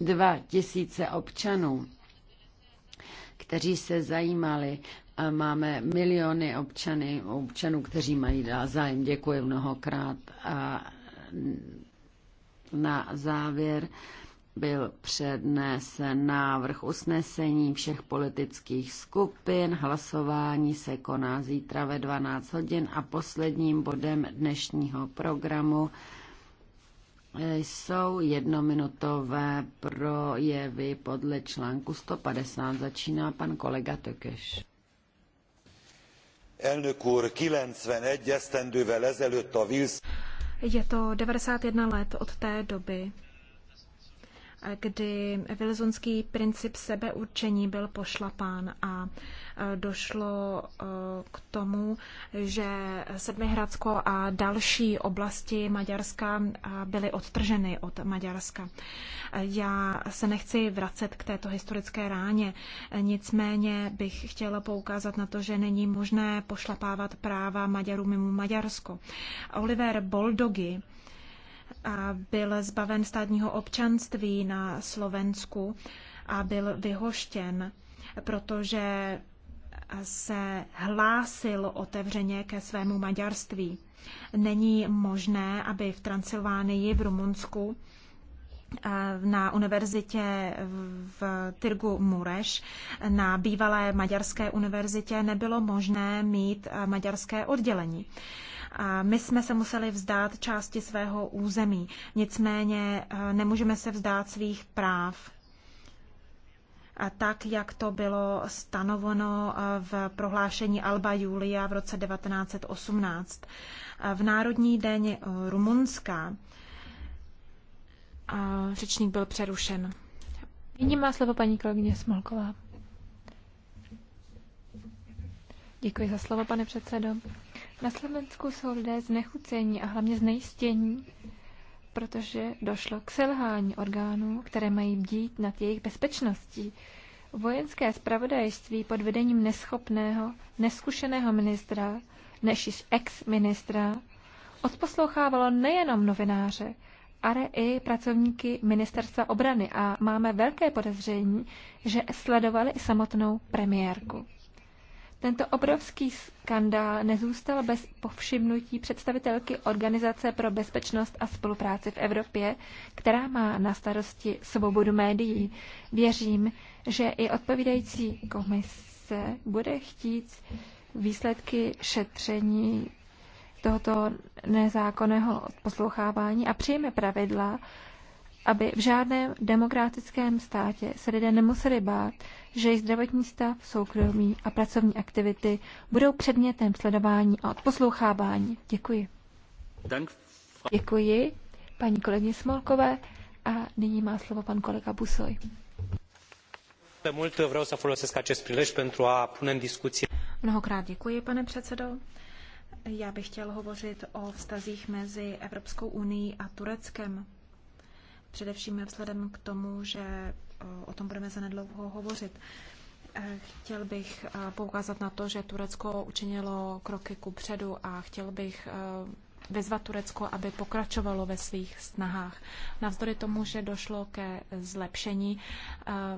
dva tisíce občanů, kteří se zajímali a máme miliony občany, občanů, kteří mají zájem. Děkuji mnohokrát. A na závěr byl přednesen návrh usnesení všech politických skupin. Hlasování se koná zítra ve 12 hodin a posledním bodem dnešního programu jsou jednominutové projevy podle článku 150. Začíná pan kolega Tökeš. Elnök úr, 91 esztendővel ezelőtt a Je to 91 let od té doby, kdy vilizonský princip sebeurčení byl pošlapán a e, došlo e, k tomu, že Sedmihradsko a další oblasti Maďarska e, byly odtrženy od Maďarska. Já se nechci vracet k této historické ráně, nicméně bych chtěla poukázat na to, že není možné pošlapávat práva Maďarů mimo Maďarsko. Oliver Boldogi, byl zbaven státního občanství na Slovensku a byl vyhoštěn, protože se hlásil otevřeně ke svému maďarství. Není možné, aby v Transylvánii, v Rumunsku, na univerzitě v Tyrgu Mureš, na bývalé maďarské univerzitě, nebylo možné mít maďarské oddělení. A my jsme se museli vzdát části svého území, nicméně eh, nemůžeme se vzdát svých práv. A tak, jak to bylo stanoveno eh, v prohlášení Alba Julia v roce 1918. Eh, v Národní den Rumunska řečník byl přerušen. Nyní má slovo paní kolegyně Smolková. Děkuji za slovo, pane předsedo. Na Slovensku jsou lidé znechucení a hlavně znejistění, protože došlo k selhání orgánů, které mají bdít nad jejich bezpečností. Vojenské spravodajství pod vedením neschopného, neskušeného ministra, než již ex-ministra, odposlouchávalo nejenom novináře, ale i pracovníky ministerstva obrany a máme velké podezření, že sledovali i samotnou premiérku. Tento obrovský skandál nezůstal bez povšimnutí představitelky Organizace pro bezpečnost a spolupráci v Evropě, která má na starosti svobodu médií. Věřím, že i odpovídající komise bude chtít výsledky šetření tohoto nezákonného poslouchávání a přijme pravidla, aby v žádném demokratickém státě se lidé nemuseli bát, že jejich zdravotní stav, soukromí a pracovní aktivity budou předmětem sledování a odposlouchávání. Děkuji. Děkuji paní kolegyně Smolkové a nyní má slovo pan kolega Busoj. Mnohokrát děkuji, pane předsedo. Já bych chtěl hovořit o vztazích mezi Evropskou unii a Tureckem především vzhledem k tomu, že o tom budeme zanedlouho hovořit. Eh, chtěl bych eh, poukázat na to, že Turecko učinilo kroky ku předu a chtěl bych eh, vyzvat Turecko, aby pokračovalo ve svých snahách. Navzdory tomu, že došlo ke zlepšení,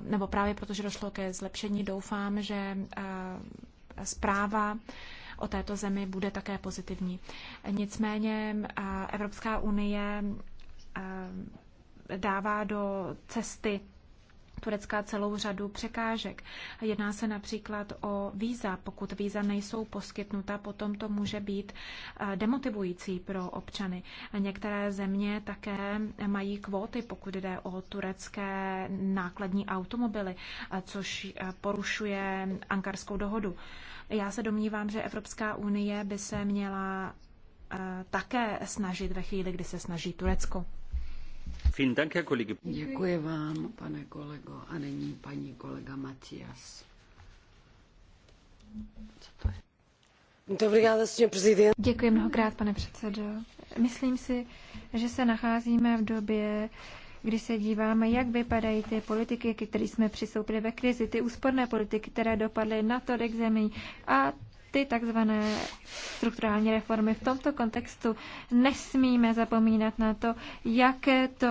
nebo právě protože došlo ke zlepšení, doufám, že zpráva o této zemi bude také pozitivní. Nicméně Evropská unie dává do cesty Turecka celou řadu překážek. Jedná se například o víza. Pokud víza nejsou poskytnuta, potom to může být eh, demotivující pro občany. Některé země také mají kvóty, pokud jde o turecké nákladní automobily, eh, což eh, porušuje ankarskou dohodu. Já se domnívám, že Evropská unie by se měla také snažit ve chvíli, kdy se snaží Turecko. Děkuji vám, pane kolego. A nyní paní kolega Matias. Co Děkuji mnohokrát, pane předsedo. Myslím si, že se nacházíme v době, kdy se díváme, jak vypadají ty politiky, které jsme přistoupili ve krizi, ty úsporné politiky, které dopadly na tolik zemí a ty takzvané strukturální reformy. V tomto kontextu nesmíme zapomínat na to, jaké to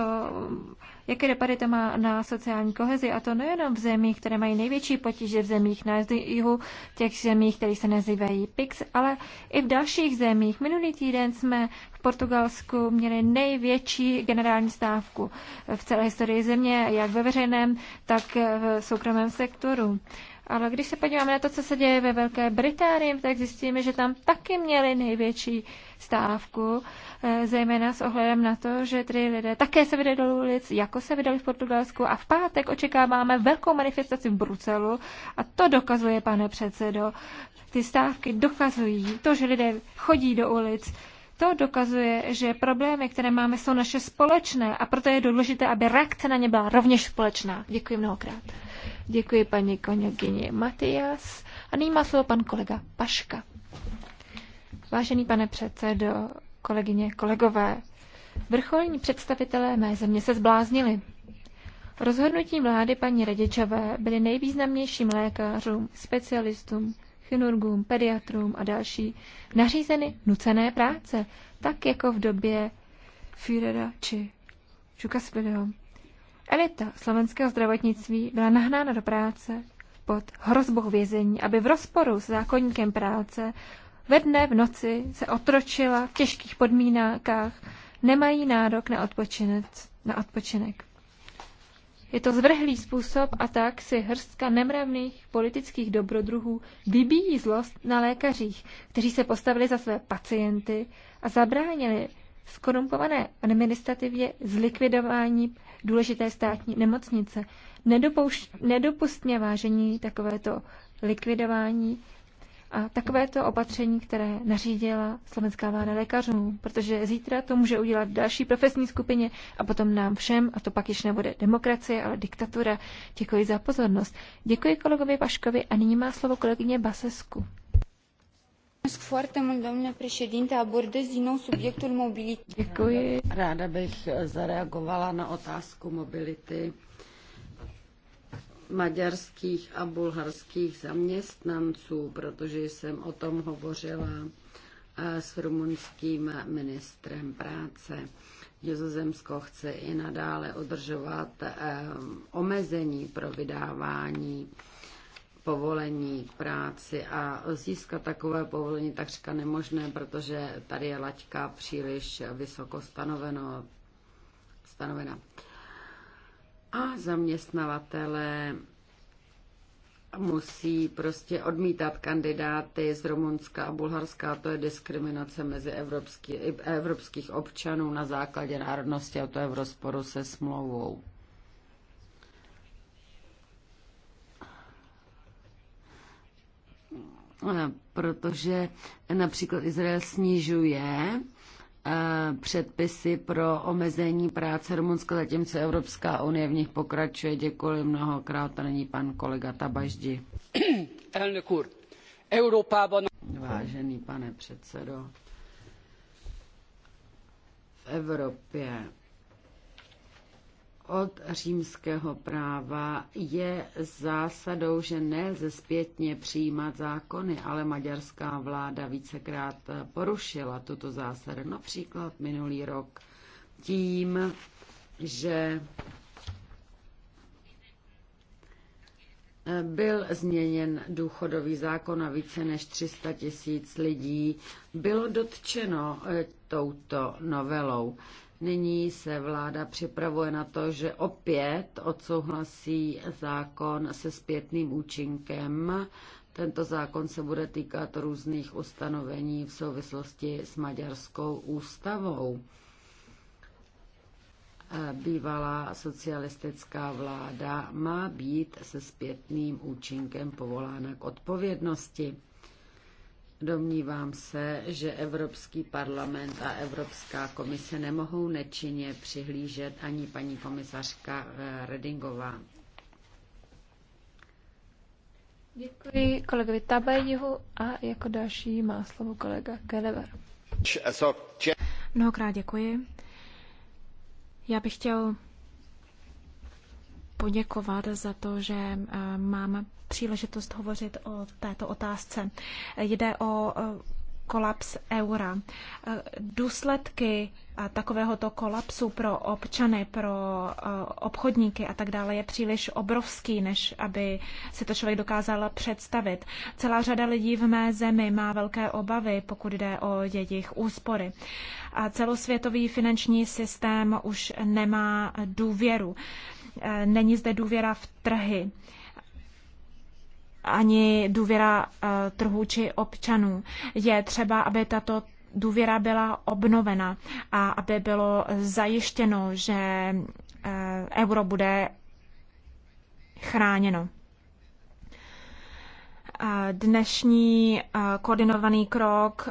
jaké dopady to má na sociální kohezi, a to nejenom v zemích, které mají největší potíže v zemích na jihu, těch zemích, které se nazývají PIX, ale i v dalších zemích. Minulý týden jsme v Portugalsku měli největší generální stávku v celé historii země, jak ve veřejném, tak v soukromém sektoru. Ale když se podíváme na to, co se děje ve Velké Británii, tak zjistíme, že tam taky měli největší stávku, eh, zejména s ohledem na to, že tedy lidé také se vydali do ulic, jako se vydali v Portugalsku a v pátek očekáváme velkou manifestaci v Bruselu a to dokazuje, pane předsedo, ty stávky dokazují to, že lidé chodí do ulic, to dokazuje, že problémy, které máme, jsou naše společné a proto je důležité, aby reakce na ně byla rovněž společná. Děkuji mnohokrát. Děkuji paní koněkyni Matias. A nyní má slovo pan kolega Paška. Vážený pane předsedo, kolegyně, kolegové, vrcholní představitelé mé země se zbláznili. Rozhodnutí vlády paní Radičové byly nejvýznamnějším lékařům, specialistům, chirurgům, pediatrům a další nařízeny nucené práce, tak jako v době Führera či Čukasviliho. Elita slovenského zdravotnictví byla nahnána do práce pod hrozbou vězení, aby v rozporu s zákonníkem práce ve dne v noci se otročila v těžkých podmínkách, nemají nárok na Na odpočinek. Je to zvrhlý způsob a tak si hrstka nemravných politických dobrodruhů vybíjí zlost na lékařích, kteří se postavili za své pacienty a zabránili skorumpované administrativě zlikvidování důležité státní nemocnice. Nedopouš- nedopustně vážení takovéto likvidování a takovéto opatření, které nařídila slovenská vláda lékařům, protože zítra to může udělat další profesní skupině a potom nám všem, a to pak již nebude demokracie, ale diktatura. Děkuji za pozornost. Děkuji kolegovi Paškovi a nyní má slovo kolegyně Basesku. Děkuji. Ráda bych zareagovala na otázku mobility maďarských a bulharských zaměstnanců, protože jsem o tom hovořila eh, s rumunským ministrem práce. Nizozemsko chce i nadále udržovat eh, omezení pro vydávání povolení k práci a získat takové povolení takřka nemožné, protože tady je laťka příliš vysoko stanoveno, stanovena. A zaměstnavatele musí prostě odmítat kandidáty z Rumunska a Bulharska. to je diskriminace mezi evropský, evropských občanů na základě národnosti a to je v rozporu se smlouvou. Eh, protože například Izrael snižuje eh, předpisy pro omezení práce Rumunska, zatímco Evropská unie v nich pokračuje. Děkuji mnohokrát, to není pan kolega Tabaždi. Vážený pane předsedo, v Evropě od římského práva je zásadou, že nelze zpětně přijímat zákony, ale maďarská vláda vícekrát porušila tuto zásadu. Například minulý rok tím, že byl změněn důchodový zákon a více než 300 tisíc lidí bylo dotčeno eh, touto novelou. Nyní se vláda připravuje na to, že opět odsouhlasí zákon se zpětným účinkem. Tento zákon se bude týkat různých ustanovení v souvislosti s maďarskou ústavou. Bývalá socialistická vláda má být se zpětným účinkem povolána k odpovědnosti. Domnívám se, že Evropský parlament a Evropská komise nemohou nečinně přihlížet ani paní komisařka eh, Redingová. Děkuji kolegovi Tabajihu a jako další má slovo kolega Kelever. Mnohokrát děkuji. Já bych chtěl poděkovat za to, že eh, mám příležitost hovořit o této otázce. Jde o eh, kolaps eura. Eh, důsledky takovéhoto kolapsu pro občany, pro obchodníky a tak dále je příliš obrovský, než aby si to člověk dokázal představit. Celá řada lidí v mé zemi má velké obavy, pokud jde o jejich úspory. A celosvětový finanční systém už nemá důvěru. Eh, není zde důvěra v trhy ani důvěra eh, trhů či občanů. Je třeba, aby tato důvěra byla obnovena a aby bylo zajištěno, že eh, euro bude chráněno dnešní koordinovaný krok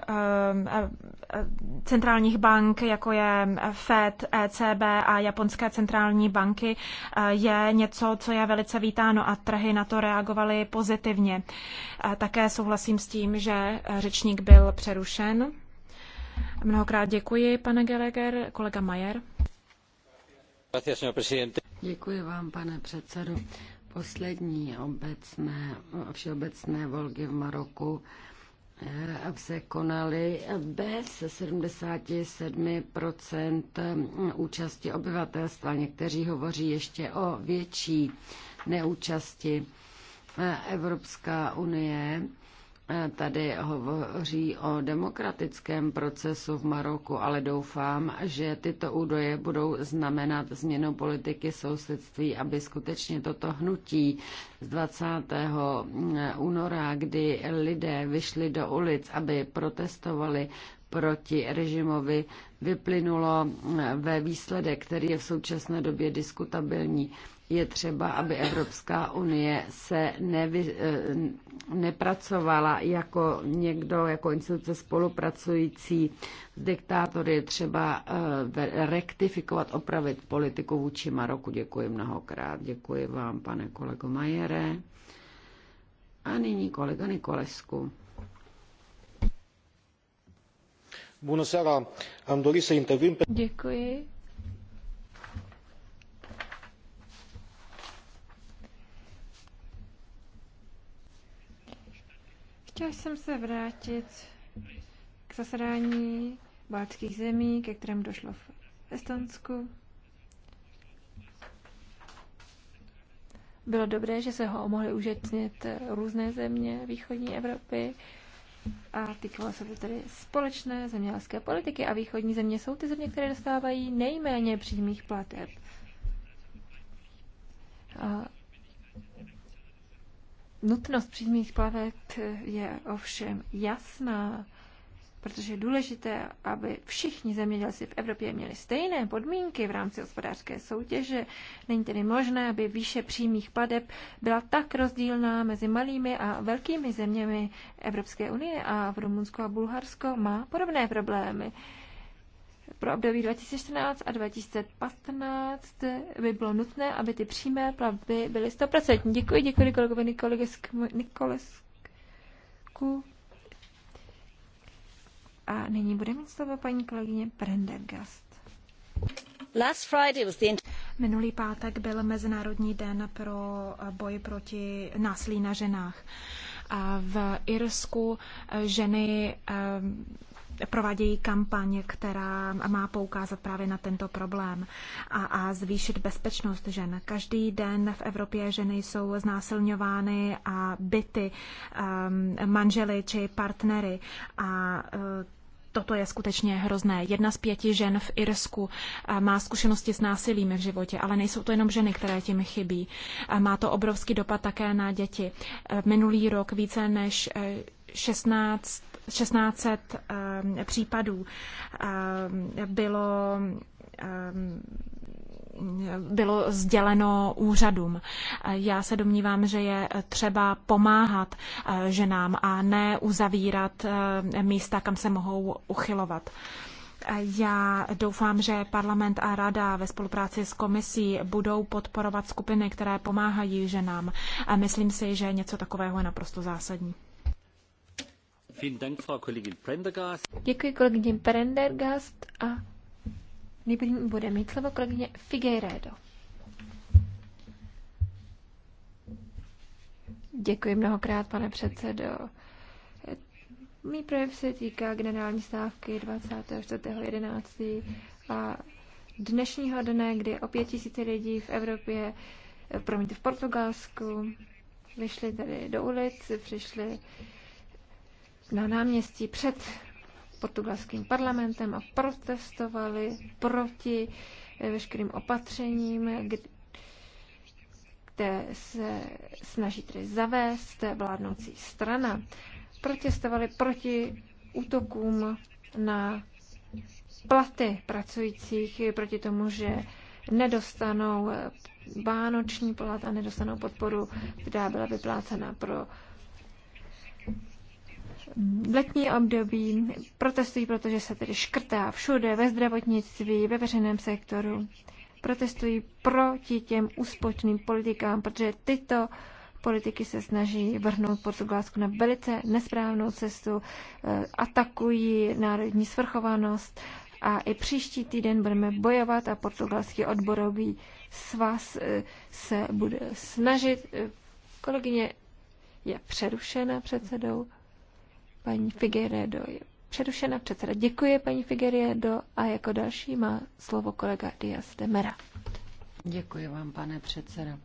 centrálních bank, jako je FED, ECB a Japonské centrální banky, je něco, co je velice vítáno a trhy na to reagovaly pozitivně. Také souhlasím s tím, že řečník byl přerušen. Mnohokrát děkuji, pane Geleger, Kolega Majer. Děkuji vám, pane předsedo poslední obecné, všeobecné volby v Maroku eh, se konaly bez 77% účasti obyvatelstva. Někteří hovoří ještě o větší neúčasti. Eh, Evropská unie tady hovoří o demokratickém procesu v Maroku, ale doufám, že tyto údaje budou znamenat změnu politiky sousedství, aby skutečně toto hnutí z 20. února, kdy lidé vyšli do ulic, aby protestovali proti režimovi, vyplynulo ve výsledek, který je v současné době diskutabilní je třeba, aby Evropská unie se nevy, eh, nepracovala jako někdo, jako instituce spolupracující s diktátory. Je třeba eh, rektifikovat, opravit politiku vůči Maroku. Děkuji mnohokrát. Děkuji vám, pane kolego Majere. A nyní kolega Nikolesku. Bună seara, am dorit să intervin pe... Děkuji. Chtěl jsem se vrátit k zasedání baltských zemí, ke kterém došlo v Estonsku. Bylo dobré, že se ho mohly užetnit různé země východní Evropy a týkalo se to tedy společné zemědělské politiky a východní země jsou ty země, které dostávají nejméně přímých plateb. A Nutnost přímých plaveb je ovšem jasná, protože je důležité, aby všichni zemědělci v Evropě měli stejné podmínky v rámci hospodářské soutěže. Není tedy možné, aby výše přímých pladeb byla tak rozdílná mezi malými a velkými zeměmi Evropské unie a v Rumunsko a Bulharsko má podobné problémy. Pro období 2014 a 2015 by bylo nutné, aby ty přímé platby byly 100%. Děkuji, děkuji kolegovi Nikolesku. A nyní bude mít slovo paní kolegyně Prendergast. Last Friday was the Minulý pátek byl Mezinárodní den pro boj proti násilí na ženách. a V Irsku ženy provádějí kampaň, která má poukázat právě na tento problém a, a zvýšit bezpečnost žen. Každý den v Evropě ženy jsou znásilňovány a byty um, manžely či partnery a uh, toto je skutečně hrozné. Jedna z pěti žen v Irsku uh, má zkušenosti s násilím v životě, ale nejsou to jenom ženy, které tím chybí. Má to obrovský dopad také na děti. Uh, minulý rok více než 16 1600 ehm, případů ehm, bylo ehm, bylo sděleno úřadům. Já se domnívám, že je třeba pomáhat eh, ženám a ne uzavírat místa, kam se mohou uchylovat. Já doufám, že parlament a rada ve spolupráci s komisí budou podporovat skupiny, které pomáhají ženám. A myslím si, že něco takového je naprosto zásadní. Děkuji kolegyně Prendergast a nyní bude mít slovo kolegyně Figueiredo. Děkuji mnohokrát, pane předsedo. Mý projev se týká generální stávky 24.11. a dnešního dne, kdy o pět tisíce lidí v Evropě, promiňte, v Portugalsku, vyšli tady do ulic, přišli na náměstí před portugalským parlamentem a protestovali proti eh, veškerým opatřením, kde se snaží tedy zavést vládnoucí strana. Protestovali proti útokům na platy pracujících, proti tomu, že nedostanou vánoční plat a nedostanou podporu, která byla vyplácena pro v letní období protestují, protože se tedy škrtá všude, ve zdravotnictví, ve veřejném sektoru. Protestují proti těm úspočným politikám, protože tyto politiky se snaží vrhnout Portugalsku na velice nesprávnou cestu, eh, atakují národní svrchovanost a i příští týden budeme bojovat a portugalský odborový svaz eh, se bude snažit. Eh, kolegyně je přerušena předsedou. Paní Figueredo je přerušena předseda. Děkuji paní Figueredo a jako další má slovo kolega Diaz Mera. Děkuji vám, pane předseda.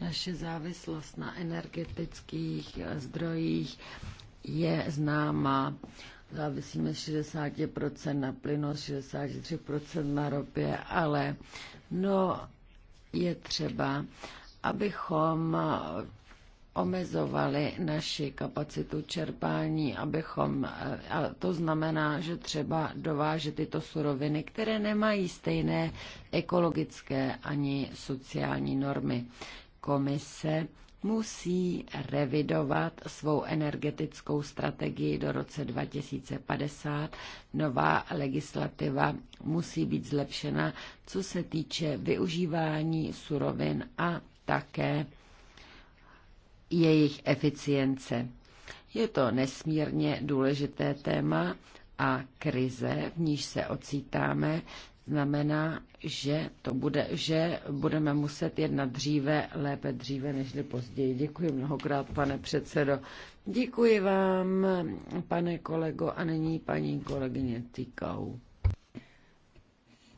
Naše závislost na energetických zdrojích je známá. Závisíme 60% na plynu, 63% na ropě, ale no, je třeba, abychom omezovali naši kapacitu čerpání, abychom, eh, a to znamená, že třeba dovážet tyto suroviny, které nemají stejné ekologické ani sociální normy. Komise musí revidovat svou energetickou strategii do roce 2050. Nová legislativa musí být zlepšena, co se týče využívání surovin a také jejich eficience. Je to nesmírně důležité téma a krize, v níž se ocítáme, znamená, že, to bude, že budeme muset jednat dříve, lépe dříve než později. Děkuji mnohokrát, pane předsedo. Děkuji vám, pane kolego, a nyní paní kolegyně Tykau.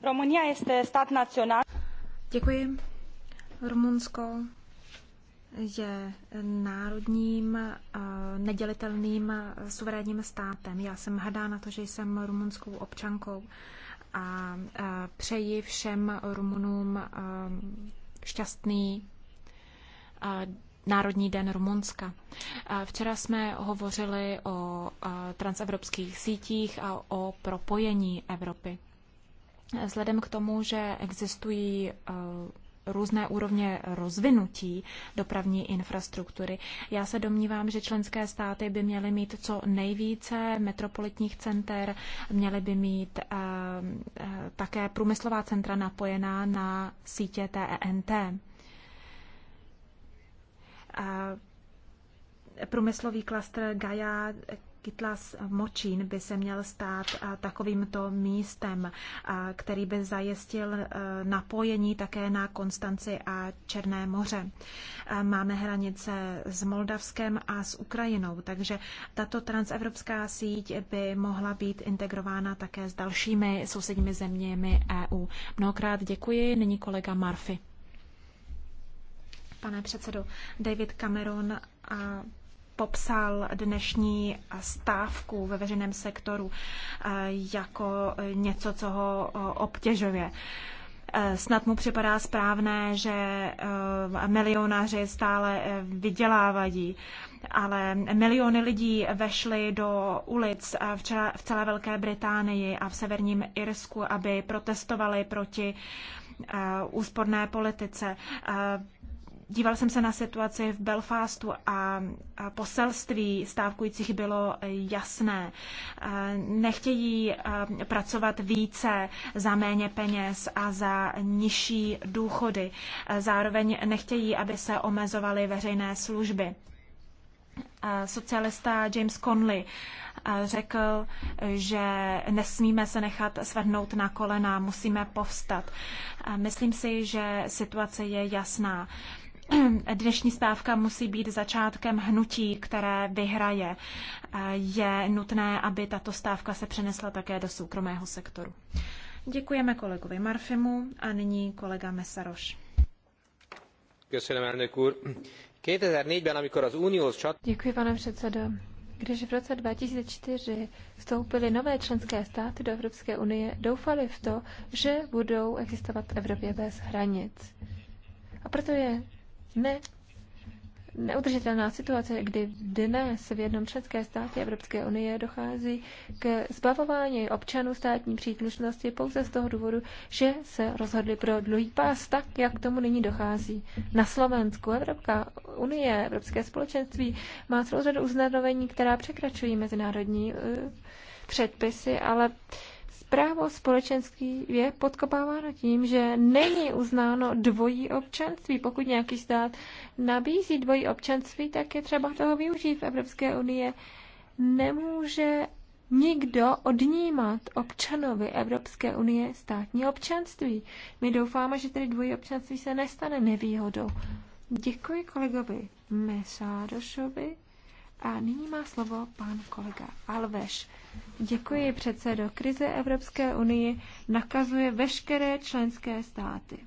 Romunia je stát nacionální. Děkuji. Rumunsko je národním eh, nedělitelným eh, suverénním státem. Já jsem hrdá na to, že jsem rumunskou občankou a eh, přeji všem Rumunům šťastný Národní den Rumunska. Včera jsme hovořili o transevropských sítích a o propojení Evropy. Vzhledem k tomu, že existují různé úrovně rozvinutí dopravní infrastruktury. Já se domnívám, že členské státy by měly mít co nejvíce metropolitních center, měly by mít eh, eh, také průmyslová centra napojená na sítě TENT e eh, průmyslový klastr Gaia, Kytlas Močín by se měl stát takovýmto místem, který by zajistil e, napojení také na Konstanci a Černé moře. Máme hranice s Moldavskem a s Ukrajinou, takže tato transevropská síť by mohla být integrována také s dalšími sousedními zeměmi EU. Mnohokrát děkuji. Nyní kolega Marfi. Pane předsedo, David Cameron a popsal dnešní stávku ve veřejném sektoru eh, jako něco, co ho eh, obtěžuje. Eh, snad mu připadá správné, že milionáři stále vydělávají, ale miliony lidí vešly do ulic v celé Velké Británii a v severním Irsku, aby protestovali proti úsporné politice. Díval jsem se na situaci v Belfastu a poselství stávkujících bylo jasné. Nechtějí pracovat více za méně peněz a za nižší důchody. Zároveň nechtějí, aby se omezovaly veřejné služby. Socialista James Conley řekl, že nesmíme se nechat svednout na kolena, musíme povstat. Myslím si, že situace je jasná. Dnešní stávka musí být začátkem hnutí, které vyhraje. Je nutné, aby tato stávka se přenesla také do soukromého sektoru. Děkujeme kolegovi Marfimu a nyní kolega Mesaroš. Děkuji, pane předsedo. Když v roce 2004 vstoupily nové členské státy do Evropské unie, doufali v to, že budou existovat v Evropě bez hranic. A proto je ne Neudržitelná situace, kdy dnes v jednom členské státě Evropské unie dochází k zbavování občanů státní příslušnosti pouze z toho důvodu, že se rozhodli pro dlouhý pás, tak jak k tomu nyní dochází. Na Slovensku Evropská unie, Evropské společenství má celou řadu uznadovení, která překračují mezinárodní eh, předpisy, ale právo společenský je podkopáváno tím, že není uznáno dvojí občanství. Pokud nějaký stát nabízí dvojí občanství, tak je třeba toho využít v Evropské unii. Nemůže nikdo odnímat občanovi Evropské unie státní občanství. My doufáme, že tedy dvojí občanství se nestane nevýhodou. Děkuji kolegovi Mesádošovi. A nyní má slovo pan kolega Alveš. Děkuji předsedo. Krize Evropské unie nakazuje veškeré členské státy.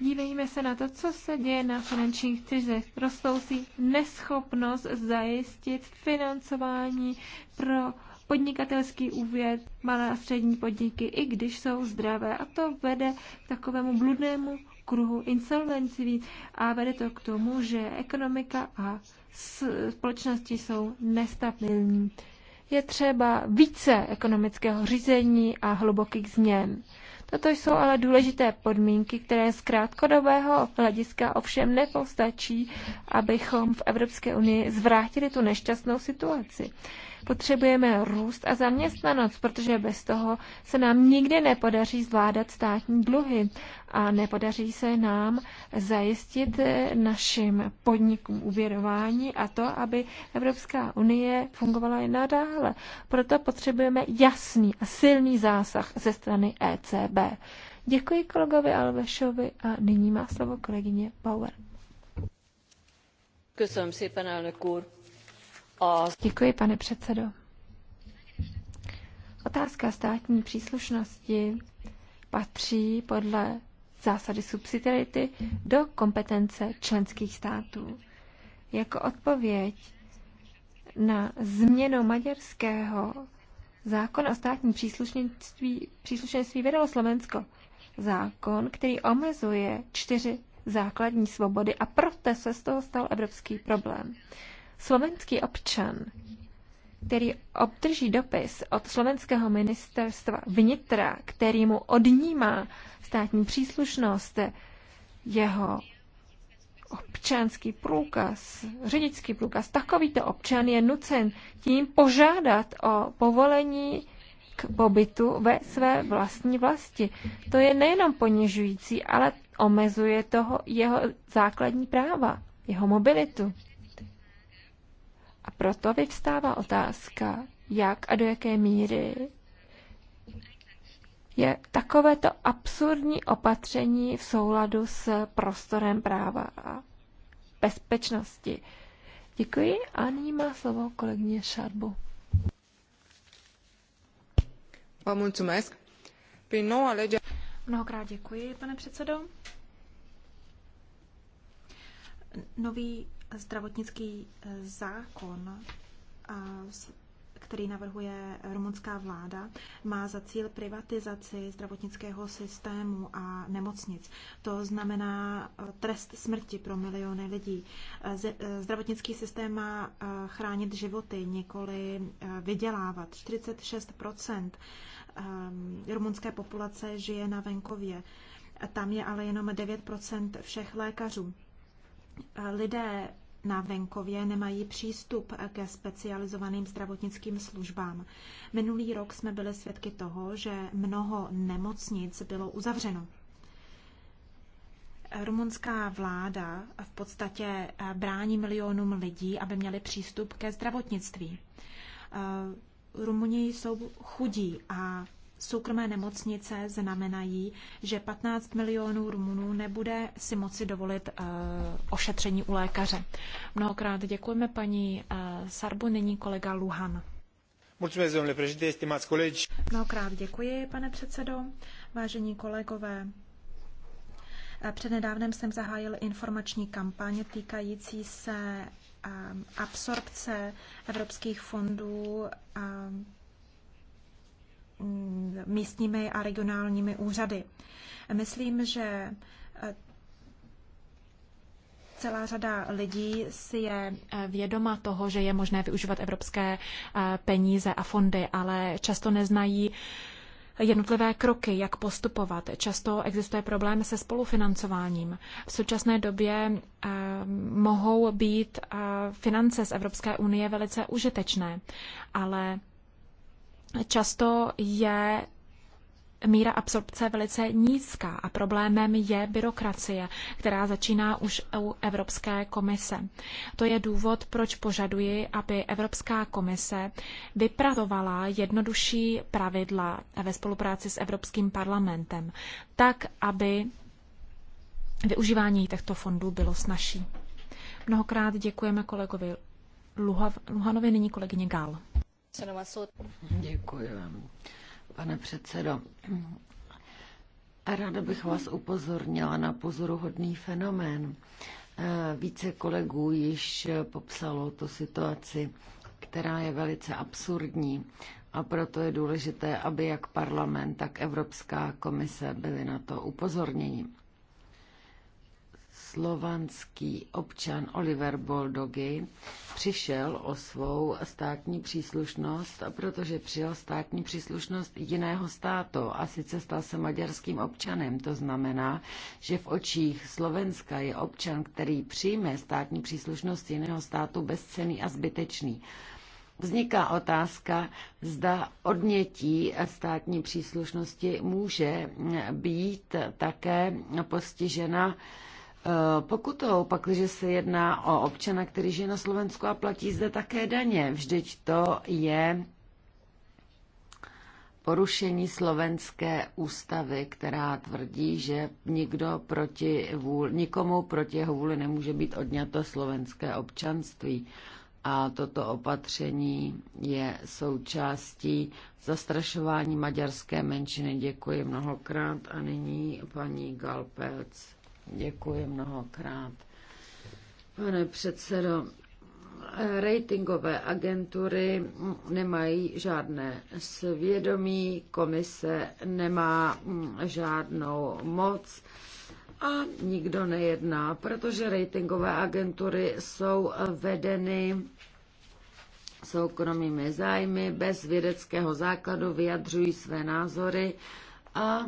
Dívejme se na to, co se děje na finančních trzech. Rostoucí neschopnost zajistit financování pro podnikatelský úvěr, malé a střední podniky, i když jsou zdravé. A to vede k takovému bludnému kruhu insolvencí a vede to k tomu, že ekonomika a společnosti jsou nestabilní. Je třeba více ekonomického řízení a hlubokých změn. Toto jsou ale důležité podmínky, které z krátkodobého hlediska ovšem nepostačí, abychom v Evropské unii zvrátili tu nešťastnou situaci. Potřebujeme růst a zaměstnanost, protože bez toho se nám nikdy nepodaří zvládat státní dluhy a nepodaří se nám zajistit našim podnikům uvěrování a to, aby Evropská unie fungovala i nadále. Proto potřebujeme jasný a silný zásah ze strany ECB. Děkuji kolegovi Alvešovi a nyní má slovo kolegyně Bauer. Děkuji, pane předsedo. Otázka státní příslušnosti patří podle zásady subsidiarity do kompetence členských států. Jako odpověď na změnu maďarského zákon o státním příslušenství, příslušenství vydalo Slovensko. Zákon, který omezuje čtyři základní svobody a proto se z toho stal evropský problém. Slovenský občan, který obdrží dopis od slovenského ministerstva vnitra, který mu odnímá státní příslušnost, jeho občanský průkaz, řidičský průkaz, takovýto občan je nucen tím požádat o povolení k pobytu ve své vlastní vlasti. To je nejenom ponižující, ale omezuje toho jeho základní práva, jeho mobilitu. A proto vyvstává otázka, jak a do jaké míry je takovéto absurdní opatření v souladu s prostorem práva a bezpečnosti. Děkuji a nyní má slovo kolegyně Šarbu. Mnohokrát děkuji, pane předsedo. Nový zdravotnický zákon který navrhuje rumunská vláda, má za cíl privatizaci zdravotnického systému a nemocnic. To znamená eh, trest smrti pro miliony lidí. Eh, eh, zdravotnický systém má chránit životy, nikoli vydělávat. 46 ehm, rumunské populace žije na venkově. Tam je ale jenom 9 všech lékařů. Lidé na venkově nemají přístup ke specializovaným zdravotnickým službám. Minulý rok jsme byli svědky toho, že mnoho nemocnic bylo uzavřeno. Rumunská vláda v podstatě eh, brání milionům lidí, aby měli přístup ke zdravotnictví. Eh, Rumuni jsou chudí a soukromé nemocnice znamenají, že 15 milionů Rumunů nebude si moci dovolit uh, ošetření u lékaře. Mnohokrát děkujeme paní uh, Sarbu, nyní kolega Luhan. Mnohokrát děkuji, pane předsedo, vážení kolegové. Eh, přednedávnem jsem zahájil informační kampaň týkající se absorpce evropských fondů Mm, místními a regionálními úřady. Myslím, že eh, celá řada lidí si je eh, vědoma toho, že je možné využívat evropské eh, peníze a fondy, ale často neznají jednotlivé kroky, jak postupovat. Často existuje problém se spolufinancováním. V současné době mohou být finance z Evropské unie velice užitečné, ale často je míra absorpce velice nízká a problémem je byrokracie, která začíná už u Evropské komise. To je důvod, proč požaduji, aby Evropská komise vypracovala jednodušší pravidla ve spolupráci s Evropským parlamentem, tak, aby využívání těchto fondů bylo snažší. Mnohokrát děkujeme kolegovi Luhanovi, nyní kolegyně Gal. Děkuji vám, pane předsedo. ráda bych vás upozornila na pozoruhodný fenomén. Eh, více kolegů již popsalo tu situaci, která je velice absurdní a proto je důležité, aby jak parlament, tak Evropská komise byly na to upozorněni slovanský občan Oliver Boldogi přišel o svou státní příslušnost, protože přijal státní příslušnost jiného státu a sice stal se maďarským občanem. To znamená, že v očích Slovenska je občan, který přijme státní příslušnost jiného státu bezcený a zbytečný. Vzniká otázka, zda odnětí státní příslušnosti může být také postižena Eh, pokutou, pakliže se jedná o občana, který žije na Slovensku a platí zde také daně. Vždyť to je porušení slovenské ústavy, která tvrdí, že nikdo proti vůli, nikomu proti jeho vůli nemůže být odňato slovenské občanství. A toto opatření je součástí zastrašování maďarské menšiny. Děkuji mnohokrát a nyní paní Galpec. Děkuji mnohokrát. Pane předsedo, ratingové agentury nemají žádné svědomí, komise nemá žádnou moc a nikdo nejedná, protože ratingové agentury jsou vedeny soukromými zájmy, bez vědeckého základu vyjadřují své názory a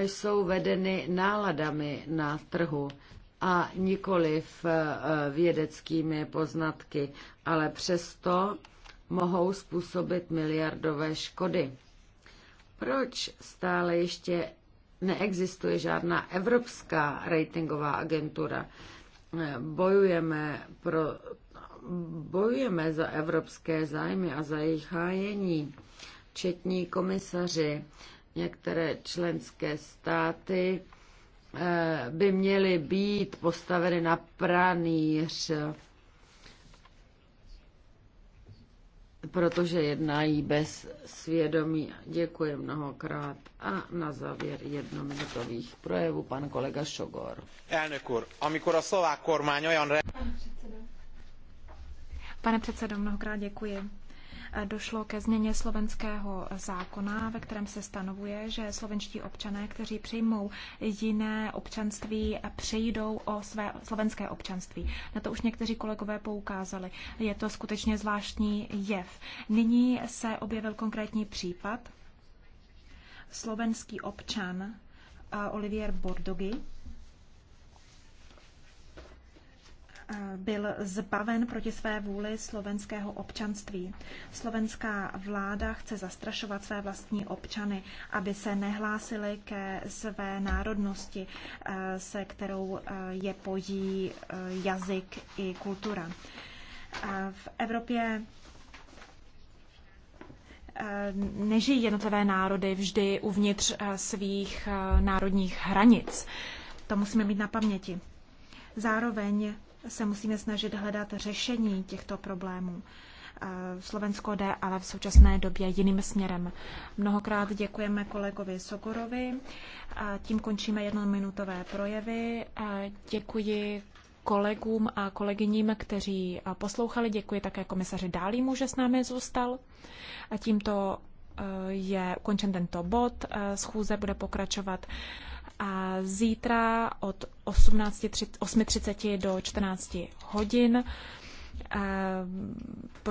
jsou vedeny náladami na trhu a nikoli v eh, vědeckými poznatky, ale přesto mohou způsobit miliardové škody. Proč stále ještě neexistuje žádná evropská ratingová agentura? Eh, bojujeme, pro, bojujeme za evropské zájmy a za jejich hájení. Četní komisaři některé členské státy eh, by měly být postaveny na pranýř, protože jednají bez svědomí. Děkuji mnohokrát. A na závěr jednominutových projevů pan kolega Šogor. Elnök amikor a szlovák kormány olyan... Pane předsedo, mnohokrát děkuji došlo ke změně slovenského zákona, ve kterém se stanovuje, že slovenští občané, kteří přijmou jiné občanství, přejdou o své slovenské občanství. Na to už někteří kolegové poukázali. Je to skutečně zvláštní jev. Nyní se objevil konkrétní případ. Slovenský občan eh, Olivier Bordogi, Eh, byl zbaven proti své vůli slovenského občanství. Slovenská vláda chce zastrašovat své vlastní občany, aby se nehlásili ke své národnosti, eh, se kterou eh, je pojí jazyk i kultura. V Evropě nežijí jednotlivé národy vždy uvnitř svých národních hranic. To musíme mít na paměti. Zároveň se musíme snažit hledat řešení těchto problémů. Eh, Slovensko jde ale v současné době jiným směrem. Mnohokrát děkujeme kolegovi Sokorovi. Eh, Tím končíme jednominutové projevy. Eh, Děkuji kolegům a kolegyním, kteří poslouchali. Děkuji také komisaři Dálímu, že s námi zůstal. A tímto je ukončen tento bod. Schůze bude pokračovat a zítra od 18.30 do 14 hodin ehm,